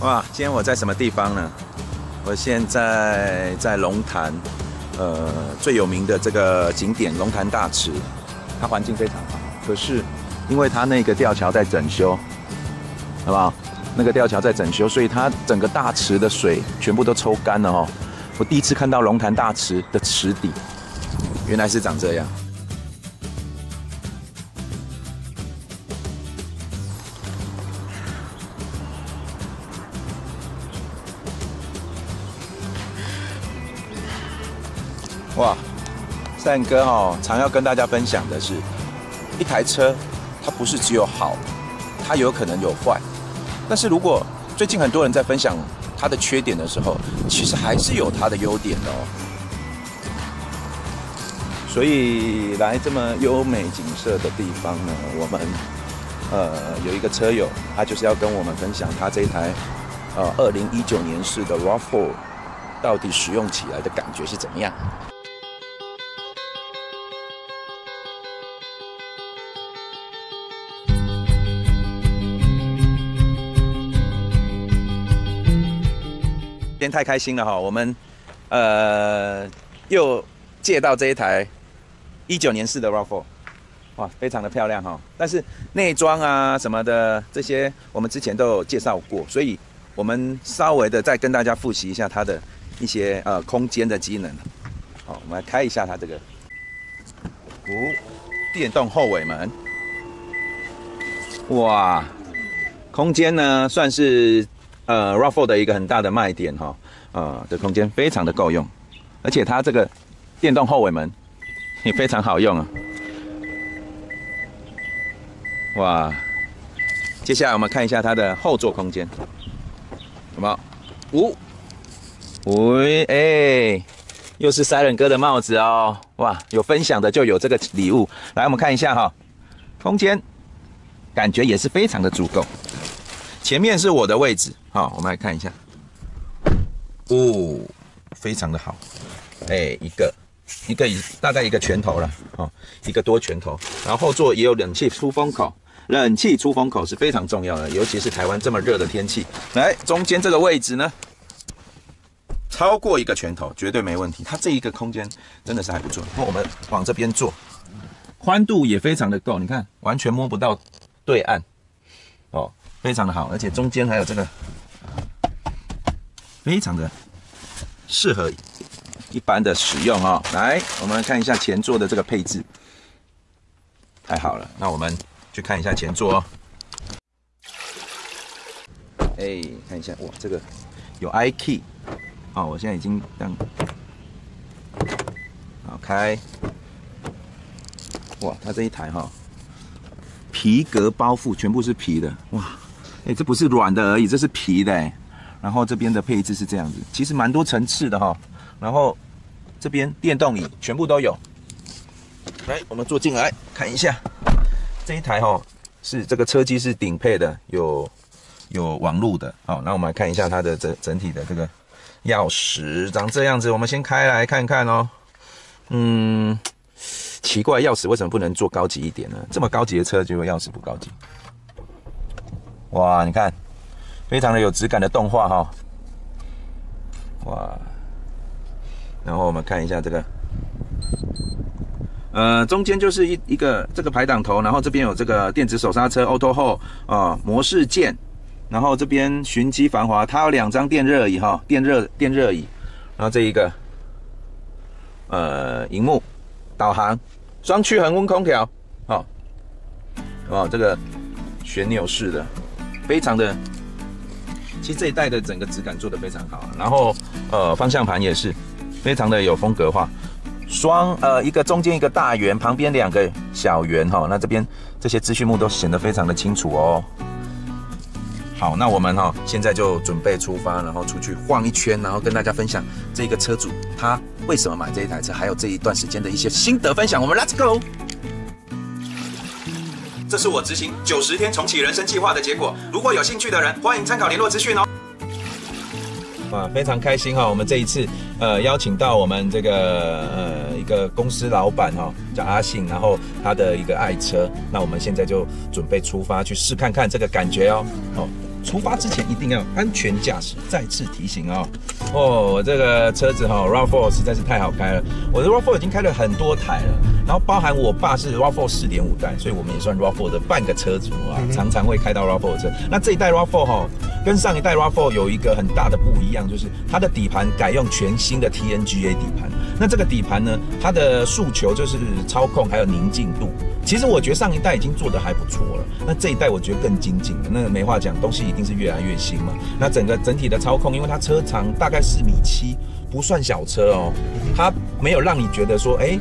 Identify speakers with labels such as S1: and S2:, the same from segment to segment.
S1: 哇，今天我在什么地方呢？我现在在龙潭，呃，最有名的这个景点龙潭大池，它环境非常好。可是，因为它那个吊桥在整修，好不好？那个吊桥在整修，所以它整个大池的水全部都抽干了哈。我第一次看到龙潭大池的池底，原来是长这样。哇，善哥哦，常要跟大家分享的是，一台车，它不是只有好，它有可能有坏。但是如果最近很多人在分享它的缺点的时候，其实还是有它的优点的哦。所以来这么优美景色的地方呢，我们呃有一个车友，他就是要跟我们分享他这一台呃二零一九年式的 Rav4 到底使用起来的感觉是怎么样。太开心了哈！我们，呃，又借到这一台一九年式的 Rav4，哇，非常的漂亮哈！但是内装啊什么的这些，我们之前都有介绍过，所以我们稍微的再跟大家复习一下它的一些呃空间的机能。好，我们来开一下它这个，五电动后尾门，哇，空间呢算是。呃，Rafale 的一个很大的卖点哈，啊，的空间非常的够用，而且它这个电动后尾门也非常好用啊。哇，接下来我们看一下它的后座空间，有没有？五，五，哎，又是 Siren 哥的帽子哦。哇，有分享的就有这个礼物。来，我们看一下哈，空间感觉也是非常的足够。前面是我的位置，好，我们来看一下，哦，非常的好，哎，一个，一个大概一个拳头了，哦，一个多拳头，然后后座也有冷气出风口，冷气出风口是非常重要的，尤其是台湾这么热的天气。来，中间这个位置呢，超过一个拳头，绝对没问题，它这一个空间真的是还不错。那我们往这边坐，宽度也非常的够，你看完全摸不到对岸，哦。非常的好，而且中间还有这个，非常的适合一般的使用啊。来，我们看一下前座的这个配置，太好了。那我们去看一下前座。哎，看一下，哇，这个有 ikey，哦，我现在已经这样，好开。哇，它这一台哈，皮革包覆，全部是皮的，哇。哎，这不是软的而已，这是皮的。然后这边的配置是这样子，其实蛮多层次的哈。然后这边电动椅全部都有。来，我们坐进来看一下这一台哈，是这个车机是顶配的，有有网络的。好，那我们来看一下它的整整体的这个钥匙，长这样子。我们先开来看看哦。嗯，奇怪，钥匙为什么不能做高级一点呢？这么高级的车，就钥匙不高级。哇，你看，非常的有质感的动画哈。哇，然后我们看一下这个，呃，中间就是一一个这个排挡头，然后这边有这个电子手刹车、Auto Hold 啊模式键，然后这边循迹防滑，它有两张电热椅哈，电热电热椅，然后这一个，呃，屏幕导航、双区恒温空调，哦，哦，这个旋钮式的。非常的，其实这一代的整个质感做得非常好，然后呃方向盘也是非常的有风格化，双呃一个中间一个大圆，旁边两个小圆哈，那这边这些资讯幕都显得非常的清楚哦。好，那我们哈现在就准备出发，然后出去晃一圈，然后跟大家分享这个车主他为什么买这一台车，还有这一段时间的一些心得分享，我们 Let's go。这是我执行九十天重启人生计划的结果。如果有兴趣的人，欢迎参考联络资讯哦。啊，非常开心哈！我们这一次，呃，邀请到我们这个呃一个公司老板哈，叫阿信，然后他的一个爱车。那我们现在就准备出发去试看看这个感觉哦。好，出发之前一定要安全驾驶，再次提醒哦。哦，我这个车子哈，Rav4 实在是太好开了。我的 Rav4 已经开了很多台了。然后包含我爸是 RAV4 四点五代，所以我们也算 RAV4 的半个车主啊，常常会开到 RAV4 车。那这一代 RAV4 哈，跟上一代 RAV4 有一个很大的不一样，就是它的底盘改用全新的 TNGA 底盘。那这个底盘呢，它的诉求就是操控还有宁静度。其实我觉得上一代已经做得还不错了，那这一代我觉得更精进了。那没话讲，东西一定是越来越新嘛。那整个整体的操控，因为它车长大概四米七，不算小车哦，它没有让你觉得说，哎。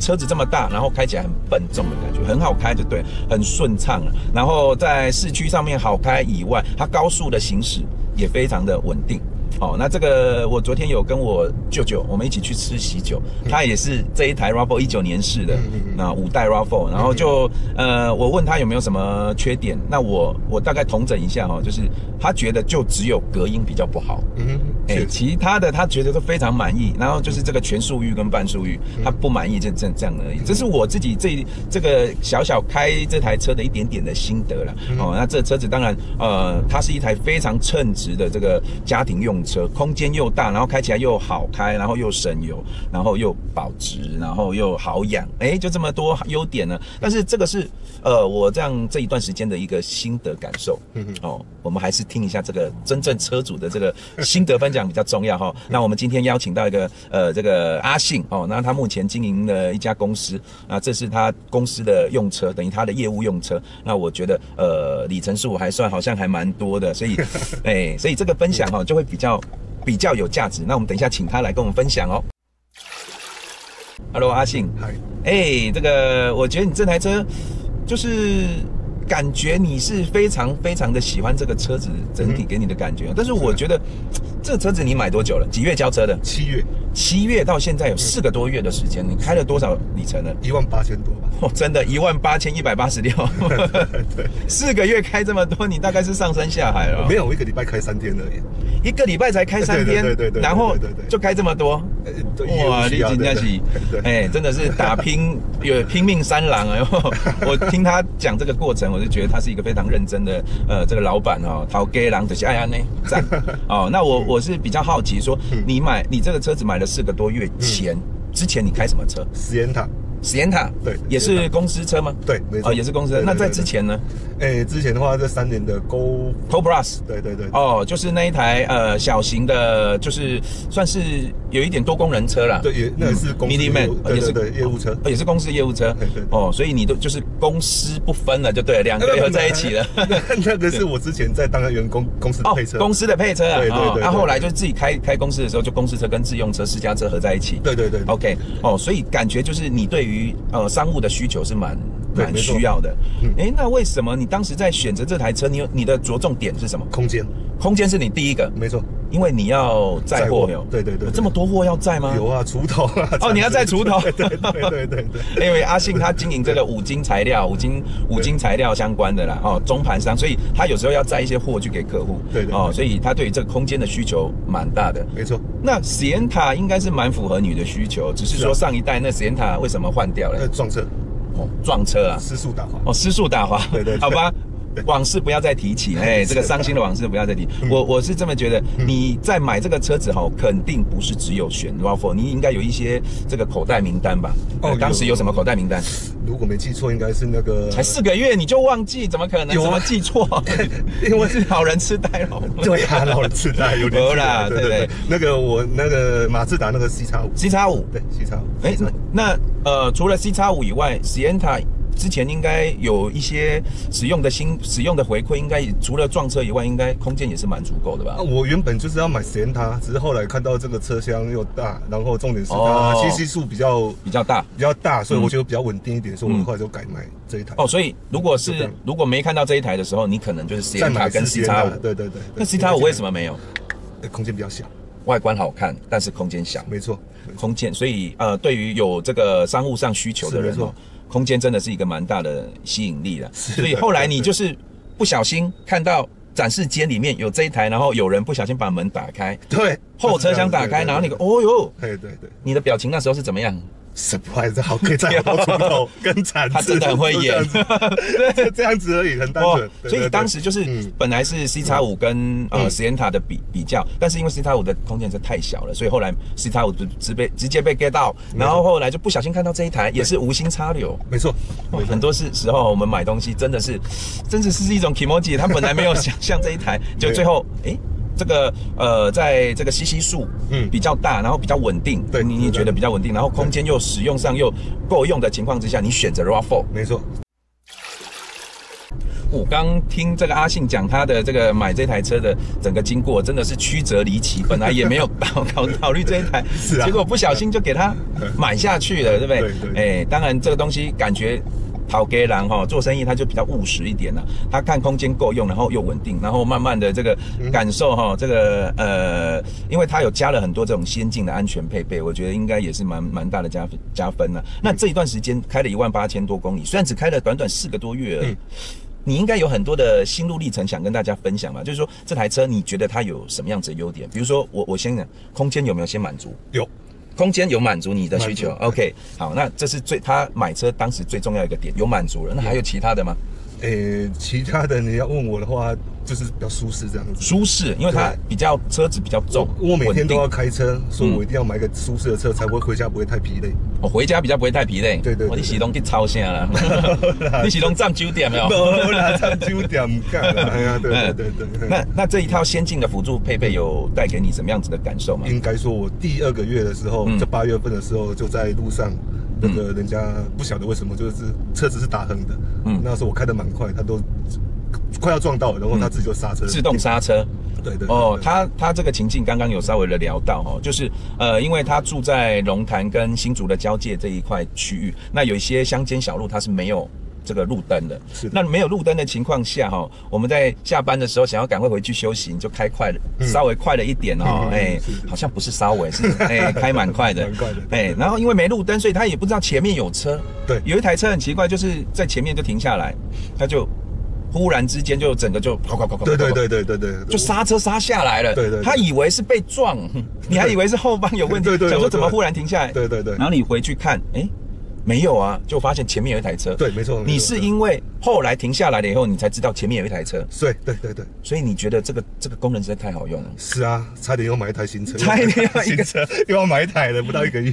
S1: 车子这么大，然后开起来很笨重的感觉，很好开就对，很顺畅了。然后在市区上面好开以外，它高速的行驶也非常的稳定。好，那这个我昨天有跟我舅舅，我们一起去吃喜酒，他也是这一台 Rav4 一九年式的，那五代 Rav4，然后就呃，我问他有没有什么缺点，那我我大概统整一下哦，就是他觉得就只有隔音比较不好，
S2: 嗯哼，哎，
S1: 其他的他觉得都非常满意，然后就是这个全速域跟半速域他不满意这这这样而已，这是我自己这这个小小开这台车的一点点的心得了，哦，那这车子当然呃，它是一台非常称职的这个家庭用。车空间又大，然后开起来又好开，然后又省油，然后又保值，然后又好养，哎，就这么多优点呢。但是这个是呃，我这样这一段时间的一个心得感受。哦，我们还是听一下这个真正车主的这个心得分享比较重要哈。那我们今天邀请到一个呃，这个阿信哦，那他目前经营了一家公司啊，这是他公司的用车，等于他的业务用车。那我觉得呃，里程数还算好像还蛮多的，所以哎，所以这个分享哈就会比较。要比较有价值，那我们等一下请他来跟我们分享哦。Hello，阿信，嗨，哎，这个我觉得你这台车就是感觉你是非常非常的喜欢这个车子整体给你的感觉，但是我觉得这车子你买多久了？几月交车的？七月。七月到现在有四个多月的时间，你开了多少里程呢？一万八千多吧，哦，真的，一万八千一百八十六。对，四个月开这么多，你大概是上山下海了？没有，
S2: 我一个礼拜开三天而已，一个礼
S1: 拜才开三天，对对对，然后就开这么多，哇，锦佳喜，哎，真的是打拼，有拼命三郎哎呦！我听他讲这个过程，我就觉得他是一个非常认真的，呃，这个老板哦，陶给郎的，谢哎呀呢，赞 哦。那我我是比较好奇，说你买你这个车子买了。四个多月前，之前你开什么车？斯柯实验塔对，也是公司车吗？对，没错，也是公司。那在之前呢？哎，之前
S2: 的话，这三年的 Go Top l u s 对对对，
S1: 哦，就是那一台呃小型的，就是算是有一点多功能车了。对，也，那是公司。Mini Man，也是个业务车，也是公司业务车。对对。哦，所以你都就是公司不分了，就对，两个合在一起了。
S2: 那个是我之前在当个员工，公司的配车，公司的配车。啊。对对对。那后来就是自己
S1: 开开公司的时候，就公司车跟自用车、私家车合在一起。对对对。OK，哦，所以感觉就是你对。于呃，商务的需求是蛮。蛮需要的，哎，那为什么你当时在选择这台车？你有你的着重点是什么？空间，空间是你第一个，没错，因为你要载货没有？
S2: 对对对，有这么多货要载吗？有啊，锄头啊，哦，你要载锄头？对对对
S1: 对，因为 阿信他经营这个五金材料、五金五金材料相关的啦，哦，中盘商，所以他有时候要载一些货去给客户，对哦，所以他对于这个空间的需求蛮大的，没错。那显塔应该是蛮符合你的需求，只是说上一代那显塔为什么换掉了？撞车。撞车啊！失速打滑哦，失速打滑，对对，好吧。往事不要再提起，哎，这个伤心的往事不要再提。我我是这么觉得，你在买这个车子吼，肯定不是只有选 r a v 4 r 你应该有一些这个口袋名单吧？哦，当时有什么口袋名单？
S2: 如果没记错，应该是那个才四
S1: 个月你就忘记，怎么可能？有么记错？因为是老人痴呆了。对呀，老人痴呆有点。不啦，对对对，
S2: 那个我那个马自达那个 C 叉五，C 叉五对 C 叉五。哎，那那呃，
S1: 除了 C 叉五以外，Sienna。之前应该有一些使用的新使用的回馈，应该除了撞车以外，应该空间也是蛮足够的吧？
S2: 那我原本就是要买 C 连它，只是后来看到这个车厢又大，然后重点是它七系数比较比较大，比较大，所以我觉得比较稳定一点，所以我们很快就改买这一台。哦，所以
S1: 如果是如果没看到这一台的时候，你可能就是 C 连它跟 C 叉五，
S2: 对对对。那 C 叉五为什
S1: 么没有？空间比较小，外观好看，但是空间小，没错，空间。所以呃，对于有这个商务上需求的人哦。空间真的是一个蛮大的吸引力了，所以后来你就是不小心看到展示间里面有这一台，然后有人不小心把门打开，对，后车厢打开，然后你
S2: 哦呦，对对对，
S1: 你的表情那时候是怎么样？surprise
S2: 好？可以再包出口？跟惨，他真的很会演，对，这样子而已，很单纯。所以当时就是
S1: 本来是 C 叉五跟呃实验塔的比比较，但是因为 C 叉五的空间真的太小了，所以后来 C 叉塔五直被直接被 get 到，然后后来就不小心看到这一台，也是无心插柳。没错，很多是时候我们买东西真的是，真的是一种 kimoji，他本来没有想象 这一台，就最后哎。这个呃，在这个吸气数嗯比较大，然后比较稳定，对你你觉得比较稳定，然后空间又使用上又够用的情况之下，你选择 Rafale 没错。我刚听这个阿信讲他的这个买这台车的整个经过，真的是曲折离奇，本来也没有考考考虑这一台，是啊，结果不小心就给他买下去了，对不对？对对。哎，当然这个东西感觉。讨给郎哈做生意他就比较务实一点了，他看空间够用，然后又稳定，然后慢慢的这个感受哈，这个呃，因为他有加了很多这种先进的安全配备，我觉得应该也是蛮蛮大的加分加分了。那这一段时间开了一万八千多公里，虽然只开了短短四个多月，而已。你应该有很多的心路历程想跟大家分享吧？就是说这台车你觉得它有什么样子的优点？比如说我我先讲空间有没有先满足？有。空间有满足你的需求，OK，好，那这是最他买车当时最重要一个点，有满足了。那还有其他的吗？
S2: 诶，其他的你要问我的话，就是比较舒适这样。舒适，因为它比较车子比较重，我每天都要开车，所以我一定要买个舒适的车，才不会回家不会太疲累。我回家比较不会太疲
S1: 累。对对，我啲喜东去超下了，你喜东占九点没有？不
S2: 占九点唔干啦。对对对，那
S1: 那这一套先进的辅助配备有带给你什么样子的
S2: 感受吗？应该说我第二个月的时候，这八月份的时候就在路上。那个人家不晓得为什么，就是车子是打横的。那时候我开的蛮快，他都快要撞到，然后他自己就刹车，自动刹车。对对哦，他他这个情境刚刚有稍微
S1: 的聊到哦，就是呃，因为他住在龙潭跟新竹的交界这一块区域，那有一些乡间小路他是没有。这个路灯的，是那没有路灯的情况下哈，我们在下班的时候想要赶快回去休息，你就开快了，稍微快了一点哦，哎，好像不是稍微，是 哎开蛮快的，蛮快的，哎，然后因为没路灯，所以他也不知道前面有车，对，有一台车很奇怪，就是在前面就停下来，他就忽然之间就整个就，对对对对
S2: 对对，就刹车
S1: 刹下来了，对对，他以为是被撞，你还以为是后方有问题，想说怎么忽然停下来，对对对，然后你回去看，哎。没有啊，就发现前面有一台车。对，没错，你是因为。后来停下来了以后，你才知道前面有一
S2: 台车。对对对对，所以你觉得这个这个功能实在太好用了。是啊，差点又买一台新车。差一个 车又要买一台了，不到一个月。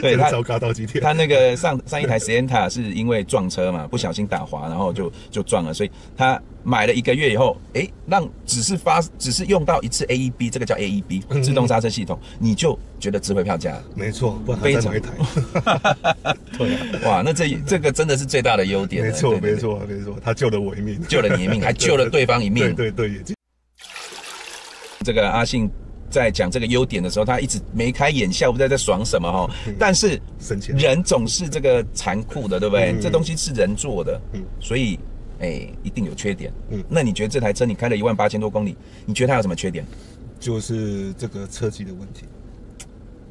S2: 对，糟糕到极天。他
S1: 那个上上一台实验塔是因为撞车嘛，不小心打滑，然后就就撞了。所以他买了一个月以后，哎，让只是发，只是用到一次 AEB，这个叫 AEB 自动刹车系统，你就觉得值回票价。没错，不常。再买一台。对啊。哇，那这这个真的是最大的优点。没错，没错。他救了我一命，救了你一命，还救了对方一命。对对对，这个阿信在讲这个优点的时候，他一直眉开眼笑，不知道在爽什么哈。但是，人总是这个残酷的，对不对？这东西是人做的，嗯，所以，哎，一定有缺点。嗯，那你觉得这台车你开了一万八千多公里，你觉得它有什么缺点？就是这个车机的问题。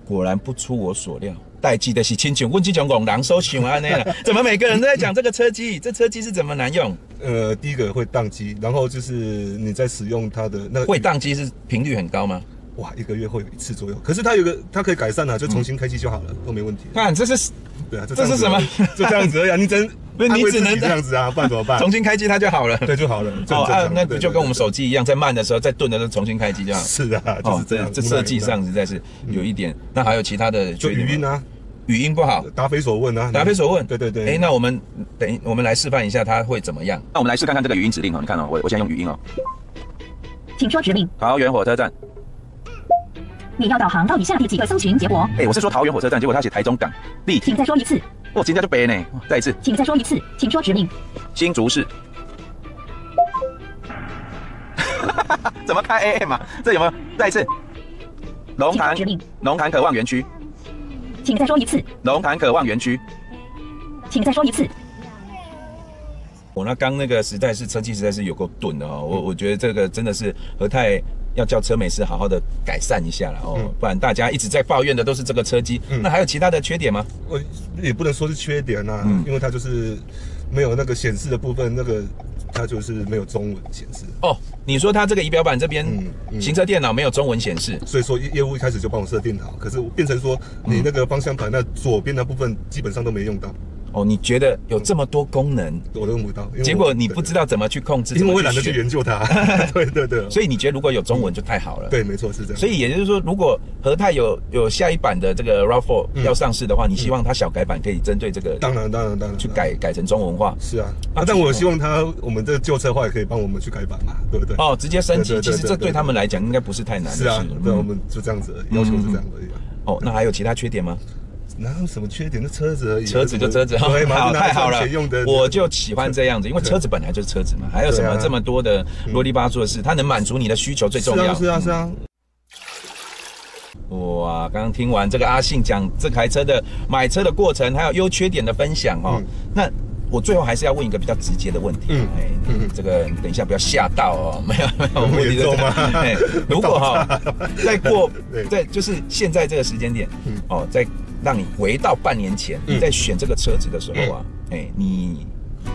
S1: 果然不出我所料。待机的是清楚，问起总共难收心啊那样。怎么每个人都在
S2: 讲这个车机？这车机是怎么难用？呃，第一个会宕机，然后就是你在使用它的那个会宕机是频率很高吗？哇，一个月会有一次左右。可是它有个，它可以改善啊，就重新开机就好了，都没问题。看这是对啊，这是什么？就这样子呀，你只那 你只能这样子啊，不然怎么办？重新开机它就好了，对就好了。哦，那不就跟我们
S1: 手机一样，在慢的时候，在顿的时候重新开机这样。是
S2: 啊，是这这设计上
S1: 实在是有一点。那还有其他的就音啊？语音不好，
S2: 答非所问啊！
S1: 答非所问，对对对。哎，那我们等我们来示范一下它会怎么样。那我们来试看看这个语音指令哦，你看哦，我我现在用语音哦，请说指令，桃园火车站。你要导航到以下第几个搜寻结果？哎，我是说桃园火车站，结果他写台中港。第，请再说一次。我今天就背呢，再一次，请再说一次，请说指令，新竹市。怎么开 AM 啊？这有没有？再一次，龙潭，龙潭渴望园区。请再说一次，龙潭渴望园区。请再说一次。我那刚那个实在是车机实在是有够钝哦，我我觉得这个真的是和泰要叫车美师好好的改善一下了哦，不然大家一直在抱怨的都是这个车机。那还有其他的缺点吗？
S2: 我也不能说是缺点呐，因为它就是没有那个显示的部分那个。它就是没有中文显示
S1: 哦。你说它这个仪表板这边行车电脑没有中文显示，
S2: 所以说业业务一开始就帮我设定好。可是变成说你那个方向盘那左边那部分基本上都没用到。哦，你觉得有这么多功能我都用不到，结果
S1: 你不知道怎么去控制，因为我懒得去研究它。对对对，所以你觉得如果有中文就太好了。对，没错是这样。所以也就是说，如果和泰有有下一版的这个 R4 a 要上市的话，你希望它小改版可以针对这个，
S2: 当然当然当然，去改改成中文化。是啊，啊，但我希望它我们这旧车话也可以帮我们去改版嘛，对不对？哦，直接升级，其实这对他们来讲应
S1: 该不是太难的事。对，我们
S2: 就这样子，要
S1: 求是这样子。哦，那还有其他缺点吗？
S2: 哪有什么缺点？那车子而已，车子就车子，太好了！我就喜
S1: 欢这样子，因为车子本来就是车子嘛，还有什么这么多的啰里吧嗦的事？它能满足你的需求最重要。是啊，是啊。哇，刚刚听完这个阿信讲这台车的买车的过程，还有优缺点的分享哦，那我最后还是要问一个比较直接的问题，哎，这个等一下不要吓到哦，没有没有 问题的。
S2: 如果哈
S1: 再 过，再就是现在这个时间点哦，在。让你回到半年前，你在选这个车子的时候啊，哎，你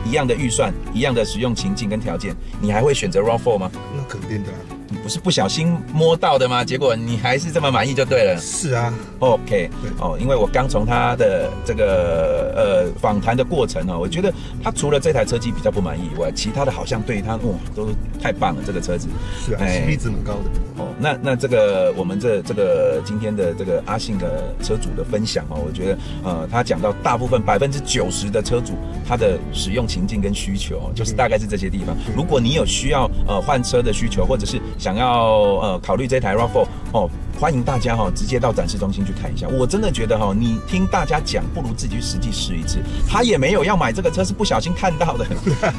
S1: 一样的预算，一样的使用情境跟条件，你还会选择 Rover 吗？那肯定的啊。你不是不小心摸到的吗？结果你还是这么满意就对了。是啊。OK。对哦，因为我刚从他的这个呃访谈的过程啊，我觉得他除了这台车机比较不满意以外，其他的好像对他哦都太棒了。这个车子是啊，性价比很高的。哦，那那这个我们这这个今天的这个阿信的车主的分享哦，我觉得呃他讲到大部分百分之九十的车主他的使用情境跟需求，就是大概是这些地方。如果你有需要呃换车的需求，或者是想要，呃，考虑这台 r a f f l 哦。欢迎大家哈，直接到展示中心去看一下。我真的觉得哈，你听大家讲，不如自己去实际试一次。他也没有要买这个车，是不小心看到的。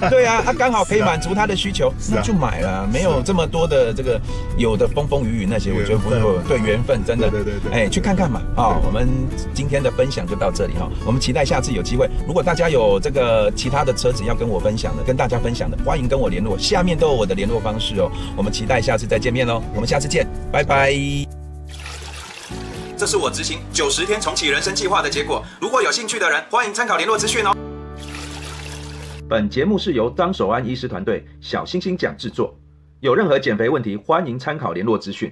S1: 对啊，他刚好可以满足他的需求，那就买了。没有这么多的这个有的风风雨雨那些，我觉得不错。对缘分真的，对对对。哎，去看看嘛啊！我们今天的分享就到这里哈，我们期待下次有机会。如果大家有这个其他的车子要跟我分享的，跟大家分享的，欢迎跟我联络。下面都有我的联络方式哦。我们期待下次再见面喽。我们下次见，拜拜。这是我执行九十天重启人生计划的结果。如果有兴趣的人，欢迎参考联络资讯哦。本节目是由张守安医师团队小星星讲制作。有任何减肥问题，欢迎参考联络资讯。